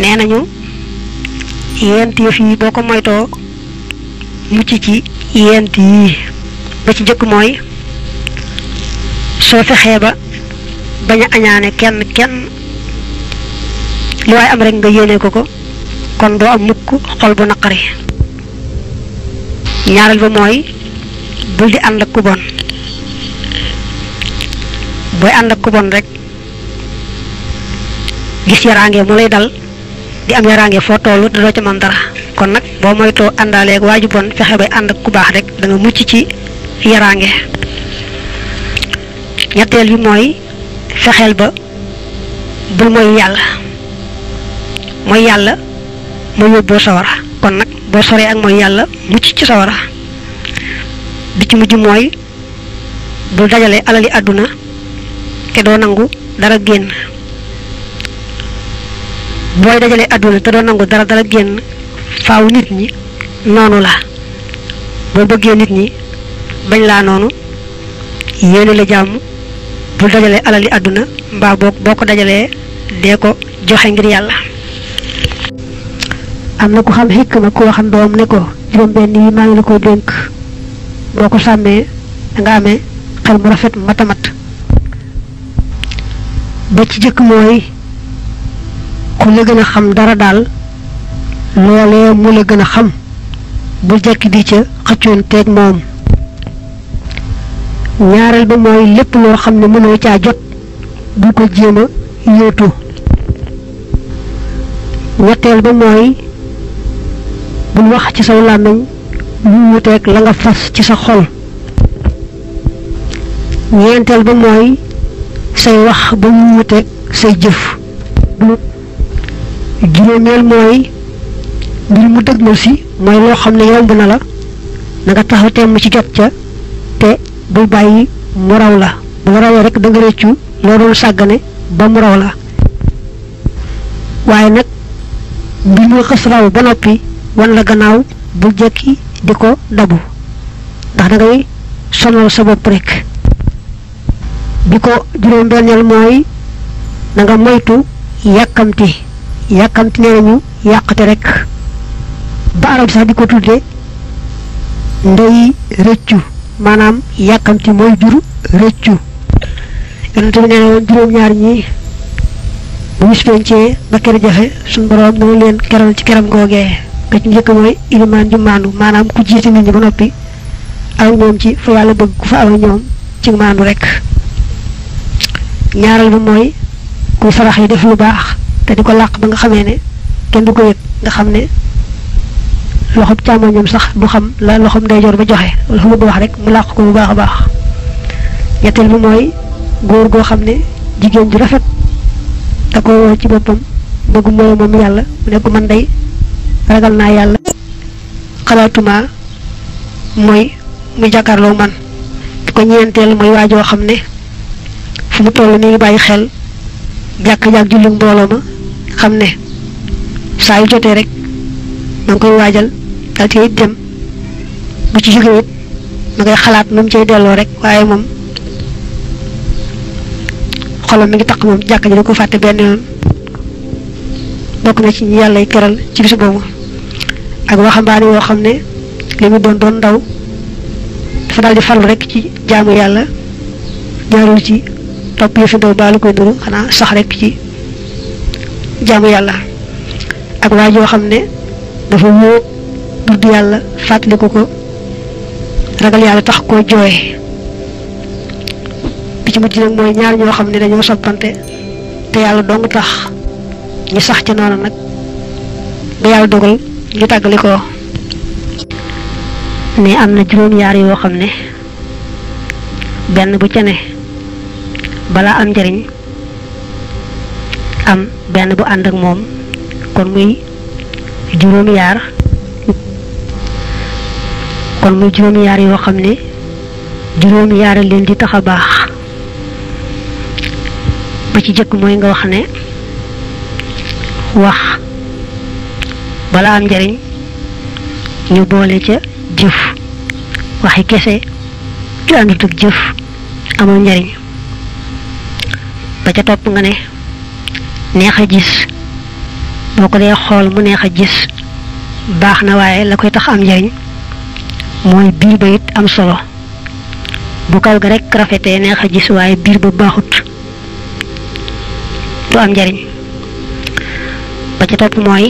nee nañu yent yëf yi boo ko moytoo mucc ci yent yi ba ci jëkk mooy soo fexee ba bañ a añaane kenn kenn lu waaye am rek nga yéene ko ko kon doo am mukk xol bu naqari ñaareel ba mooy bul di ànd ak ku bon booy ànd ak ku bon rek gis yaraange mu lay dal di am yarange fo tolu do ci man dara kon nak bo to andale ak waju bon fexé bay and ku bax rek da nga mucc ci yarange ñettel yu moy fexel ba bu moy yalla moy yalla mo yobbo sawara kon nak bo sore ak moy yalla mucc ci sawara di ci mujju moy bu dajale alali aduna te do nangu dara genn boy dajale aduna te do nangu dara dara genn faaw nit ñi nonu la bo bëggee nit ñi bañ la nonu yene la jamm bu dajale alali aduna mba bok boko dajale de ko joxe ngir yalla amna ku xam hikma ku xam doom ne ko juroom benn yi ma ngi la koy denk boko samé nga amé xel mu rafet matamat ba ci jëk moy ku la gën a xam dara daal loolee mu la gën a xam bu jekk di ca xëccoon teeg moom ñaareel ba mooy lépp loo xam ne mënoo caa jot bu ko jéem a yóotu ñetteel ba mooy bul wax ci saw làmmiñ mu wuteeg la nga fas ci sa xol ñeenteel ba mooy say wax ba mu say jëf juróomeel mooy mbir mu dëgmal si mooy loo xam ne yomb na la na nga taxaw temm ci jot ca te bul bàyyi mu raw la bu la rawee rek da réccu loo sàggane ba mu raw la waaye nag mbir mu xës raw ba noppi wan la gannaaw bul jekki di ko dabu ndax da ngay sonal sa bopp rek bi ko juróom-benneel mooy na moytu yàkkamti yàkkamti nee nañu yàqate rek ba arab sax di ko tudde ndey rëccu maanaam yàkkamti mooy jur rëccu yonente bi nee na juróom-ñaar ñi bu bis pencee ba kër jafe suñu boroom dana leen keral ci keram googee ka ci njëkk mooy ilimaan ju maandu maanaam ku jiite nit ñi ba noppi aw ñoom ci fa wàlla bëgg ku rek ñaaral ba mooy kuy farax yi def lu baax te di ko làq ba nga xamee ne kenn du ko yëg nga xam ne loxob càmmoñam sax du xam la loxob ndeyjoor ba joxe wala fa bëgg wax rek mu làq ko bu baax a baax ñetteel bi mooy góor goo xam ne jigéen ju rafet da ko woo ci boppam bëgg mooy moom yàlla mu ne man day ragal naa yàlla xalaatuma mooy mu jàkkaarloo man di ko ñeenteel mooy waajoo xam ne fu mu toll nii ngi bàyyi xel jàkk jàkk julli mbooloo ma xamne ne saa yu rek nang koy waajal dal ci dem bu ci jóge it ma ngay xalaat num mu delo rek waye mom xolam mi ngi tak mom jakk ji da ko fàtte benn yoon bokku na ci yalla yi keral ci bisu bobu ak waxambaane yoo xam xamne limu don don doon ndaw dafa daal di fal rek ci jaamu yalla jaarul ci topp yëfi do balu koy duru xana sax rek ci jaamu yàlla ak waa joo xam ne dafa wóob dudd yàlla fàttaliku ko ragal yàlla tax koo jooye bi ci mujj nag mooy ñaar ñoo xam ne dañoo soppante te yàlla dong tax ñu sax ci noonu nag ba yàlla dogal ñu tàggali ko ne am na juróom-yaar yoo xam ne benn bu ca ne balaa am njariñ am benn bu ànd ak moom kon muy juróom yaar kon muy juróom yaar yoo xam ne juróom yaar leen di tax a baax ba ci jëkk mooy nga wax ne wax bala am njariñ ñu boole ca jëf waxi kese yu àndut ak jëf amul njariñ ba ca topp nga ne neex a gis boo ko dee xool mu neex a gis baax na waaye la koy tax am njariñ mooy biir ba it am solo bu kaw ga rek rafetee neex a gis waaye biir ba baaxut du am njariñ ba ca topp mooy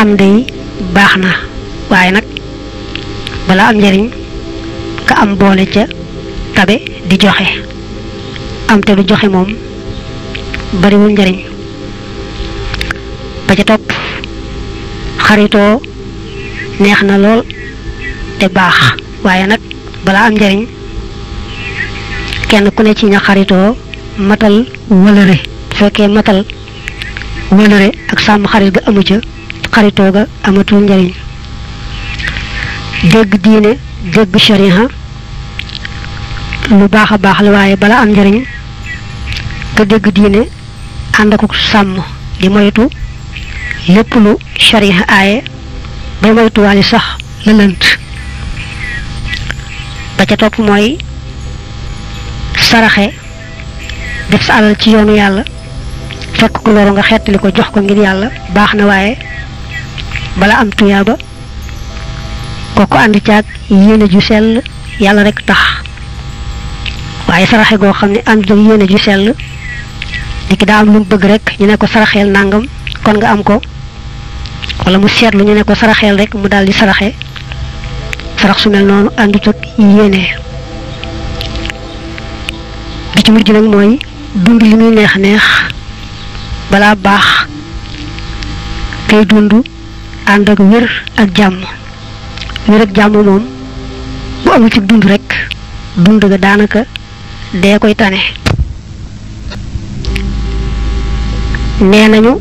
am day baax na waaye nag balaa am njariñ ka am boole ca tabe di joxe am te lu joxe moom bariwul njariñ ba ca topp xaritoo neex na lool te baax waaye nag balaa am njariñ kenn ku ne ci ña xaritoo matal wëlëre fekkee matal wëlëre ak sàmm xarit ga amu ca xaritoo ga amatul njariñ dégg diine dégg shariha lu baax a baax la waaye balaa am njariñ nga dégg diine ànd akuk sàmm di moytu lépp lu sharia aaye bay moytuwaale sax la lënt ba ca topp mooy saraxe def sa alal ci yoonu yàlla fekk ku loru nga xettali ko jox ko ngir yàlla baax na waaye bala am tuyaaba kooku ànd caag yéene ju sell yàlla rek tax waaye saraxe goo xam ne ànd ak yéene ju sell niki daal lu bëgg rek ñu ne ko saraxel nangam kon nga am ko wala mu seetlu ñu ne ko saraxel rek mu daal di saraxe sarax su mel noonu àndut ak yéene bi ci mujj nag mooy dund li muy neex neex balaa baax kay dund ànd ak wér ak jàmm wér ak jàmm moom bu amul ci dund rek dund ga daanaka dee koy tane nee nañu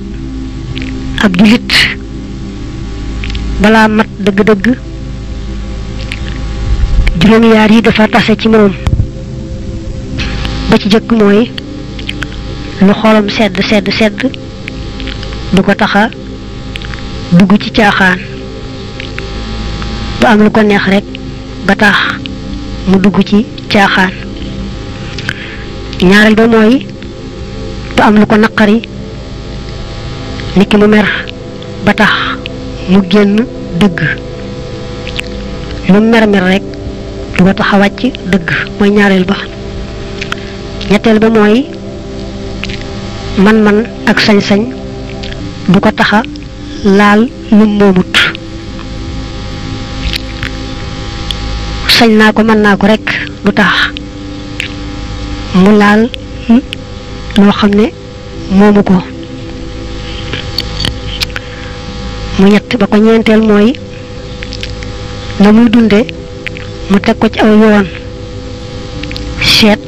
ab jullit balaa mat dëgg-dëgg juróom yaar yi dafa tase ci moom ba ci jëkk mooy lu xolam sedd sedd sedd du ko taxa dugg ci caaxaan ba am lu ko neex rekk ba tax mu dugg ci caaxaan ñaareel ba mooy ba am lu ko naqari niki mu mer ba tax mu génn dëgg lu mer mer rek du ba tax a wàcc dëgg mooy ñaareel ba ñetteel ba mooy man-man ak sañ-sañ du ko taxa laal lu moomut sañ naa ko man naa ko rek du tax mu laal loo xam ne mu ñett ba ko ñeenteel mooy la muy dunde mu teg ko ci aw yoon seet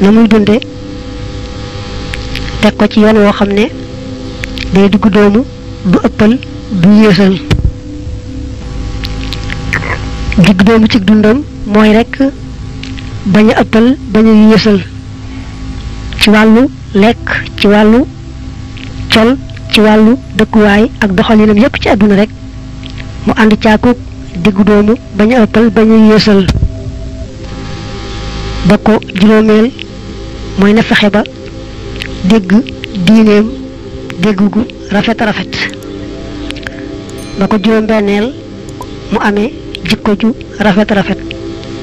la muy dunde teg ko ci yoon woo xam ne day diggu doomu du ëppal du yéesal diggu doomu ci dundam mooy rekk bañ a ëppal bañ a yéesal ci wàllu lekk ci wàllu col ci wàllu dëkkuwaay ak doxalinam yépp ci àdduna rek mu ànd caakuk diggu doomu bañ a ëppal bañ a yéesal ba ko juróomeel mooy ne fexe ba dégg diineem dégg gu rafet rafet ba ko juróom benneel mu amee jikko ju rafet rafet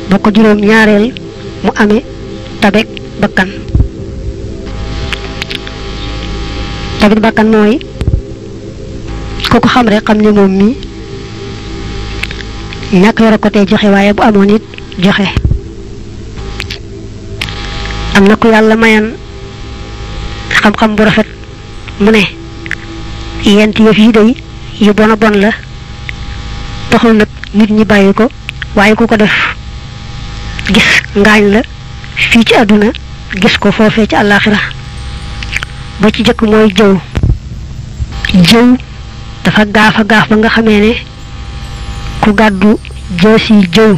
ba ko juróom ñaareel mu amee tabek bakkan tamit bakkan mooy ku ko xam rek xam ne moom mi ñàkk yore ko tey joxe waaye bu amoon it joxe am na ku yàlla mayan xam-xam bu rafet mu ne yent yëf yi day yu bon a bon la taxul nag nit ñi bàyyi ko waaye ku ko def gis ngaañ la fii ci àdduna gis ko foofee ci àllaaxira ba ci jëkk mooy jëw jëw dafa gaafa gaaf ba nga xamee ne ku gàddu jësi jëw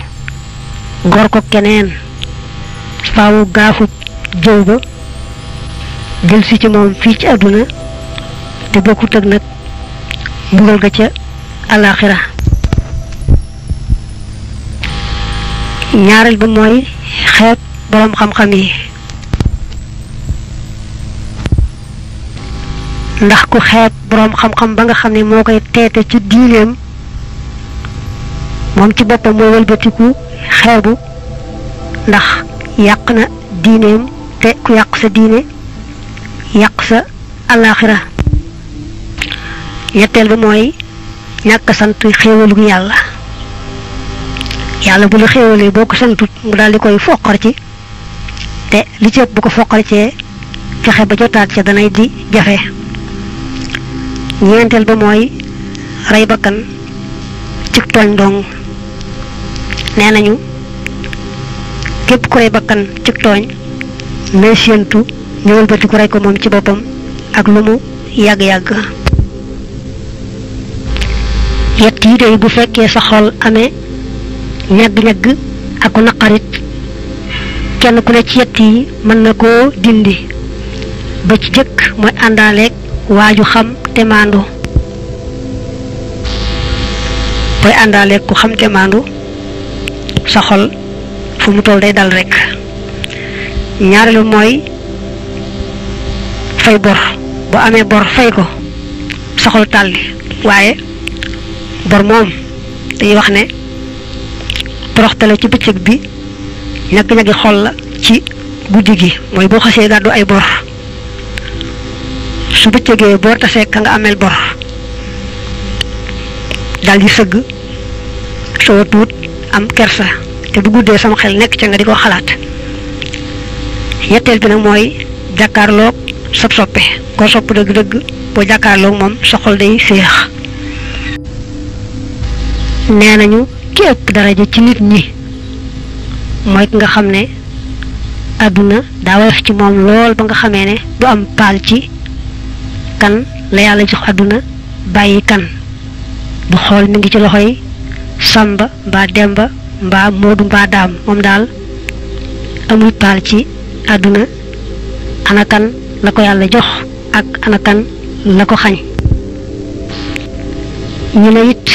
gor ko keneen faawu gaafu jëw ba jël si ci moom fii ci àdduna te bokkut ak nag mbugal ga ca alaxira ñaareel ba mooy xeet boroom xam-xam yi ndax ku xeet boroom xam-xam ba nga xam ne moo koy teete ci diineem moom ci boppam mooy wëlbatiku xeebu ndax yàq na diineem te ku yàq sa diine yàq sa alaaxira ñetteel bi mooy ñàkk sant xéewalu yàlla yàlla bu la xéewalee boo ko santut mu daal koy foqar ci te li ci ëpp bu ko foqar cee fexe ba jotaat ca danay di jafe ñeenteel ba mooy rey bakkan ci tooñ dong nee nañu képp ku rey bakkan ci tooñ mais séentu ñu wëlbati ku rey ko moom ci boppam ak lu mu yàgg-yàgg yett yi day bu fekkee sa xol amee ñagg-ñagg ak ku naqarit kenn ku ne ci yett yi mën na koo dindi ba ci jëkk mooy àndaaleeg waaju xam te maandu booy àndaale ku xam te maandu sa xol fu mu toll day dal rekk ñaareelu mooy fay bor bu amee bor fay ko sa xol tàlli waaye bor moom dañuy wax ne toroxtale ci bëccëg bi ñag-ñagi xol la ci guddi gi mooy boo xasee gàddu ay bor su beccege bor ta ka nga amel bor dal di seug so tuut am kersa te bu guddee sama xel nek ci nga diko xalat yettel bi nag moy jakarlo sab soppe ko sop deug deug bo jakarlo mom soxol day féex nenañu nañu dara ëpp ci nit ñi moy nga xam ne da wax ci mom lool ba nga ne du am pal ci kan la yàlla jox àdduna bàyyi kan bu xool mi ngi ci loxoy samba mbaa demba mbaa moodu mbaa daam moom daal amul paal ci àdduna ana kan la ko yàlla jox ak ana la ko xañ ñu ne it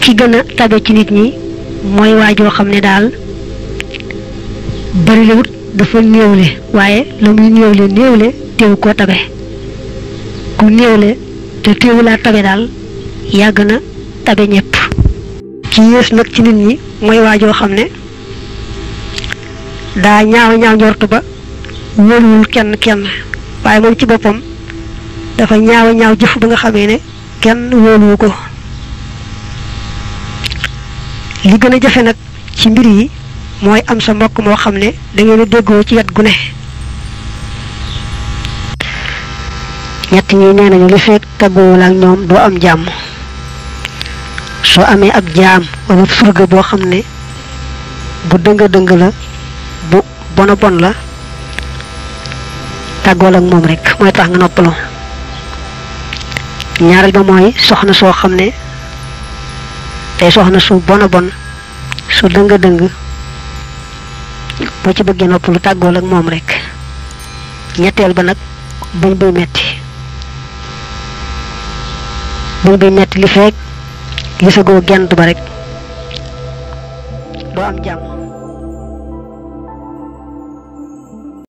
ki gën a tabe ci nit ñi mooy waajoo xam ne daal bërilewut dafa néewle waaye la muy néewle néewle teew koo tabe ku néewle te teewu laa tabe daal yàgg na tabe ñëpp. ci yées nag ci nit ñi mooy waajoo xam ne daa ñaaw ñaaw njort ba wóoluwul kenn kenn waaye moom ci boppam dafa ñaaw ñaaw jëf ba nga xamee ne kenn wóoluwu ko li gën a jafe nag ci mbir yi. mooy am sa mbokk moo xam ne da ngeen déggoo ci wet gu ne ñett ñi nee nañu li fekk tàggoowul ak ñoom doo am jàmm soo amee ab jaam wala surga boo xam ne bu dënga dëng la bu bona bon la tàggool ak moom rekk mooy tax nga noppaloo ñaareel ba mooy soxna soo xam ne tey soxna su bona bon su dënga dëng boo ci bëggee noppalu tàggool ak moom rek ñetteel ba nag buñ buy metti buñ buy metti li feek gisagoo gent ba rekk doo am jàmm